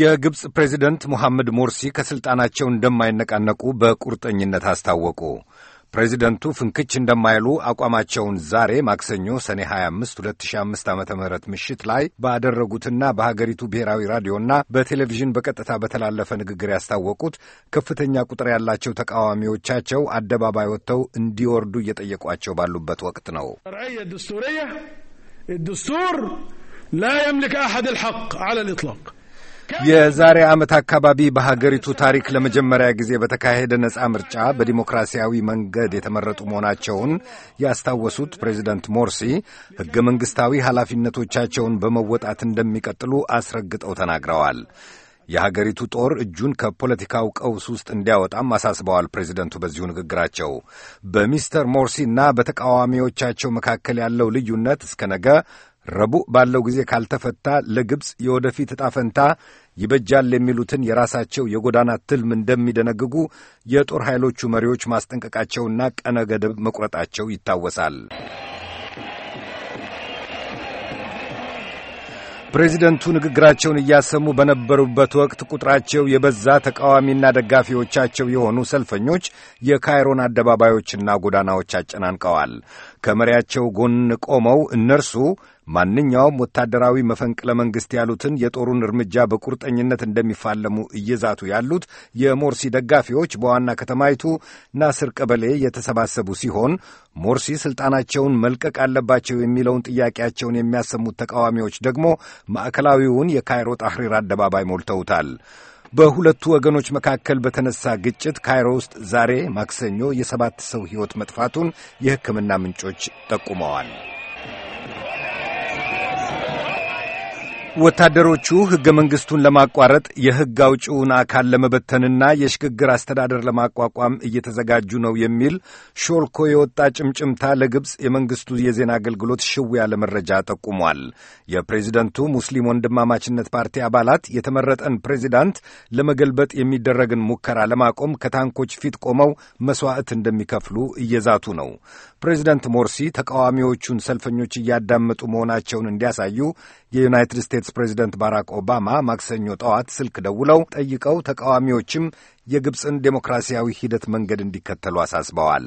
የግብፅ ፕሬዚደንት ሙሐመድ ሞርሲ ከሥልጣናቸው እንደማይነቃነቁ በቁርጠኝነት አስታወቁ። ፕሬዚደንቱ ፍንክች እንደማይሉ አቋማቸውን ዛሬ ማክሰኞ ሰኔ 25 2005 ዓ ም ምሽት ላይ ባደረጉትና በሀገሪቱ ብሔራዊ ራዲዮና በቴሌቪዥን በቀጥታ በተላለፈ ንግግር ያስታወቁት ከፍተኛ ቁጥር ያላቸው ተቃዋሚዎቻቸው አደባባይ ወጥተው እንዲወርዱ እየጠየቋቸው ባሉበት ወቅት ነው። ዱስቱር ላ የምልክ አሐድ ልሐቅ ዐላ ልጥላቅ የዛሬ ዓመት አካባቢ በሀገሪቱ ታሪክ ለመጀመሪያ ጊዜ በተካሄደ ነጻ ምርጫ በዲሞክራሲያዊ መንገድ የተመረጡ መሆናቸውን ያስታወሱት ፕሬዚደንት ሞርሲ ሕገ መንግሥታዊ ኃላፊነቶቻቸውን በመወጣት እንደሚቀጥሉ አስረግጠው ተናግረዋል። የሀገሪቱ ጦር እጁን ከፖለቲካው ቀውስ ውስጥ እንዲያወጣም አሳስበዋል። ፕሬዚደንቱ በዚሁ ንግግራቸው በሚስተር ሞርሲ እና በተቃዋሚዎቻቸው መካከል ያለው ልዩነት እስከ ነገ ረቡዕ ባለው ጊዜ ካልተፈታ ለግብፅ የወደፊት ዕጣ ፈንታ ይበጃል የሚሉትን የራሳቸው የጎዳና ትልም እንደሚደነግጉ የጦር ኃይሎቹ መሪዎች ማስጠንቀቃቸውና ቀነ ገደብ መቁረጣቸው ይታወሳል። ፕሬዚደንቱ ንግግራቸውን እያሰሙ በነበሩበት ወቅት ቁጥራቸው የበዛ ተቃዋሚና ደጋፊዎቻቸው የሆኑ ሰልፈኞች የካይሮን አደባባዮችና ጎዳናዎች አጨናንቀዋል። ከመሪያቸው ጎን ቆመው እነርሱ ማንኛውም ወታደራዊ መፈንቅለ መንግሥት ያሉትን የጦሩን እርምጃ በቁርጠኝነት እንደሚፋለሙ እየዛቱ ያሉት የሞርሲ ደጋፊዎች በዋና ከተማይቱ ናስር ቀበሌ የተሰባሰቡ ሲሆን ሞርሲ ስልጣናቸውን መልቀቅ አለባቸው የሚለውን ጥያቄያቸውን የሚያሰሙት ተቃዋሚዎች ደግሞ ማዕከላዊውን የካይሮ ጣሕሪር አደባባይ ሞልተውታል። በሁለቱ ወገኖች መካከል በተነሳ ግጭት ካይሮ ውስጥ ዛሬ ማክሰኞ የሰባት ሰው ሕይወት መጥፋቱን የሕክምና ምንጮች ጠቁመዋል። Yes! ወታደሮቹ ሕገ መንግሥቱን ለማቋረጥ የሕግ አውጪውን አካል ለመበተንና የሽግግር አስተዳደር ለማቋቋም እየተዘጋጁ ነው የሚል ሾልኮ የወጣ ጭምጭምታ ለግብፅ የመንግሥቱ የዜና አገልግሎት ሽው ያለ መረጃ ጠቁሟል። የፕሬዚደንቱ ሙስሊም ወንድማማችነት ፓርቲ አባላት የተመረጠን ፕሬዚዳንት ለመገልበጥ የሚደረግን ሙከራ ለማቆም ከታንኮች ፊት ቆመው መሥዋዕት እንደሚከፍሉ እየዛቱ ነው። ፕሬዚደንት ሞርሲ ተቃዋሚዎቹን ሰልፈኞች እያዳመጡ መሆናቸውን እንዲያሳዩ የዩናይትድ ስቴትስ ስቴትስ ፕሬዚደንት ባራክ ኦባማ ማክሰኞ ጠዋት ስልክ ደውለው ጠይቀው ተቃዋሚዎችም የግብፅን ዴሞክራሲያዊ ሂደት መንገድ እንዲከተሉ አሳስበዋል።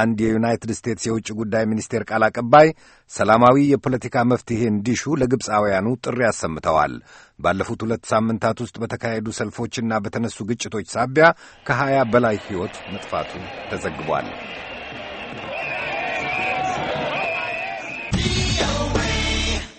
አንድ የዩናይትድ ስቴትስ የውጭ ጉዳይ ሚኒስቴር ቃል አቀባይ ሰላማዊ የፖለቲካ መፍትሄ እንዲሹ ለግብፃውያኑ ጥሪ አሰምተዋል። ባለፉት ሁለት ሳምንታት ውስጥ በተካሄዱ ሰልፎችና በተነሱ ግጭቶች ሳቢያ ከሀያ በላይ ሕይወት መጥፋቱ ተዘግቧል።